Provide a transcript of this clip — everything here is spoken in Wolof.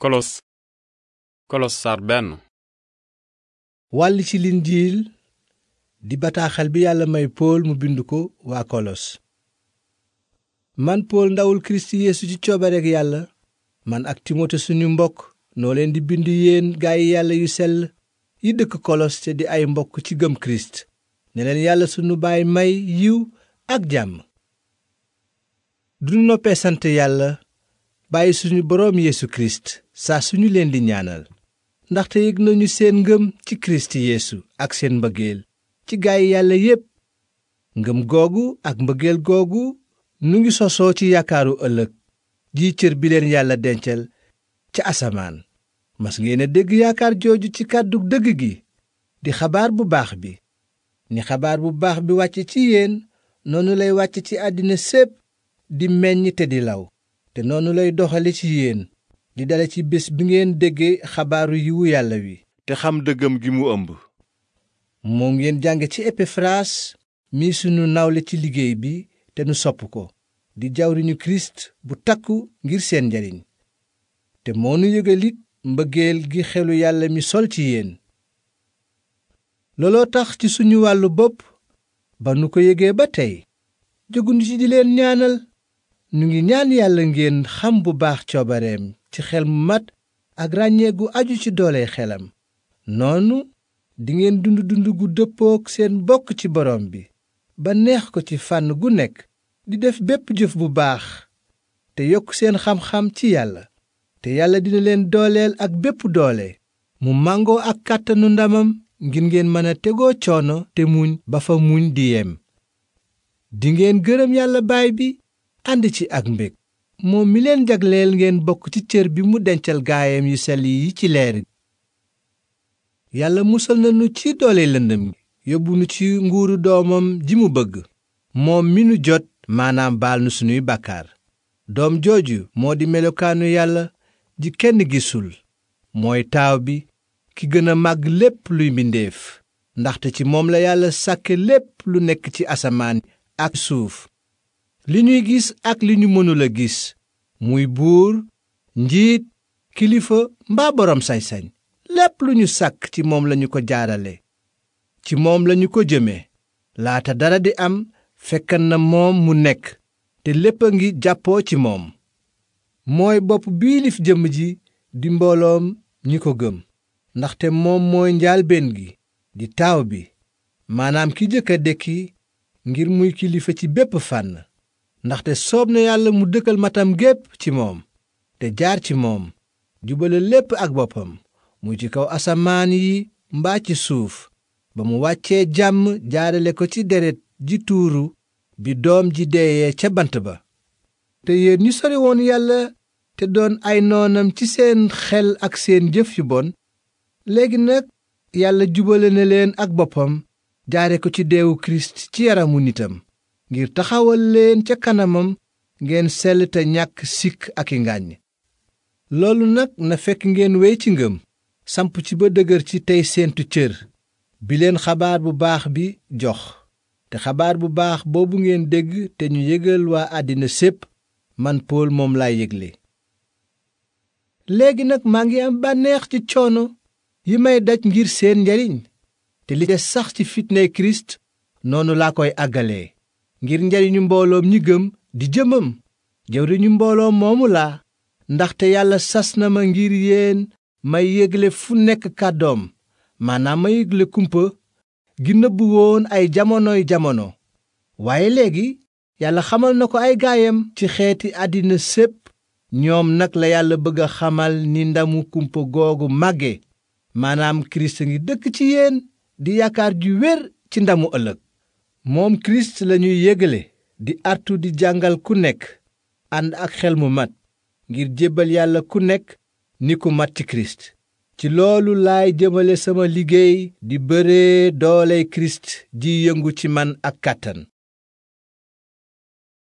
kolos kolos sar benn wàll ci linjiil di bataaxal bi yàlla may pool mu bind ko waa kolos man pool ndawul kirist yeesu ci coobareek yàlla man ak timote suñu mbokk noo leen di bind yéen gaay yàlla yu sell yi dëkk kolos te di ay mbokk ci gëm kirist ne leen yàlla suñu baay may yiw ak jàmm du noppee sant yàlla bàyyi suñu boroom yeesu kirist saa ñu leen di ñaanal ndaxte yëg nañu seen ngëm ci kirist yeesu ak seen mbëggeel ci gaay yàlla yépp ngëm googu ak mbëggeel googu nu ngi sosoo ci yaakaaru ëllëg ji cër bi leen yàlla dencal ca asamaan mas ngeen dégg yaakaar jooju ci kàddu dëgg gi di xabaar bu baax bi ni xabaar bu baax bi wàcc ci yéen noonu lay wàcc ci àddina sépp di meññ te di law te noonu lay doxale ci yéen di dale ci bés bi ngeen déggee xabaaru yiwu yàlla wi te xam dëggam gi mu ëmb moo ngeen jàng ci epafaraas mi sunu nawle ci liggéey bi te nu sopp ko di jawriñu kirist bu takku ngir seen njariñ te moo nu yëgalit mbëggeel gi xelu yàlla mi sol ci yéen looloo tax ci suñu wàllu bopp ba nu ko yëgee ba tey jóguñu ci di leen ñaanal nu ngi ñaan yàlla ngeen xam bu baax coobareem ci xel mu mat ak ràññee gu aju ci doole xelam noonu dingeen dund dund gu dëppook seen bokk ci borom bi ba neex ko ci fànn gu nekk di def bépp jëf bu baax te yokk seen xam-xam ci yàlla te yàlla dina leen dooleel ak bépp doole mu màngoo ak kàttanu ndamam ngir ngeen mën a tegoo coono te muñ ba fa muñ di yem dingeen gërëm yàlla baay bi ànd ci ak mbég moom mi leen jagleel ngeen bokk ci cër bi mu dencal gaayam yu sell yi ci leer gi yàlla musal nañu ci doole lëndëm gi yóbbu nu ci nguuru doomam ji mu bëgg moom mi nu jot maanaam baal nu sunuy bàkkaar doom jooju moo di melokaanu yàlla ji kenn gisul mooy taaw bi ki gën a màgg lépp luy mbindeef ndaxte ci moom la yàlla sàkke lépp lu nekk ci asamaan ak suuf li ñuy gis ak li ñu mënul a gis muy buur njiit kilifa mbaa borom sañ lépp lu ñu sàkk ci moom lañu ko jaarale ci moom lañu ko jëme laata dara di am fekkan na moom mu nekk te lépp a ngi jàppoo ci moom mooy bopp biilif jëmm ji di mbooloom ñi ko gëm ndaxte moom mooy njaalbeen gi di taaw bi maanaam ki jëkk a dekki ngir muy kilifa ci bépp fànn ndaxte soob na yàlla mu dëkkal matam gépp ci moom te jaar ci moom jubale lépp ak boppam mu ci kaw asamaan yi mbaa ci suuf ba mu wàccee jàmm jaarale ko ci deret ji tuuru bi doom ji deeyee ca bant ba te yéen ñu sore woon yàlla te doon ay noonam ci seen xel ak seen jëf yu bon léegi nag yàlla jubale na leen ak boppam jaare ko ci deewu kirist ci yaramu nitam ngir taxawal leen ca kanamam ngeen sell te ñàkk sikk ak i ngàññ loolu nag na fekk ngeen wéy ci ngëm samp ci ba dëgër ci tey seentu cër bi leen xabaar bu baax bi jox te xabaar bu baax boobu ngeen dégg te ñu yëgal waa àddina sépp man Pool moom lay yégle léegi nag maa ngi am bànneex ci coono yi may daj ngir seen njariñ te li des sax ci fitnay Kirist noonu laa koy àggalee ngir njariñu mbooloom ñi gëm di jëmam jawriñu mbooloo moomu laa ndaxte yàlla sas na ma ngir yéen may yégle fu nekk kàddoom maanaam ma yégle kumpa gi nëbbu woon ay jamonoy jamono waaye léegi yàlla xamal na ko ay gaayam ci xeeti àddina sépp ñoom nag la yàlla bëgg a xamal ni ndamu kumpa googu màgge maanaam kirist ngi dëkk ci yéen di yaakaar ju wér ci ndamu ëllëg moom kirist lañuy yëgale di artu di jàngal ku nekk ànd ak xel mu mat ngir jébbal yàlla ku nekk ni ku mat ci kirist ci loolu laay jëmale sama liggéey di bëree doole kirist ji yëngu ci man ak kàttan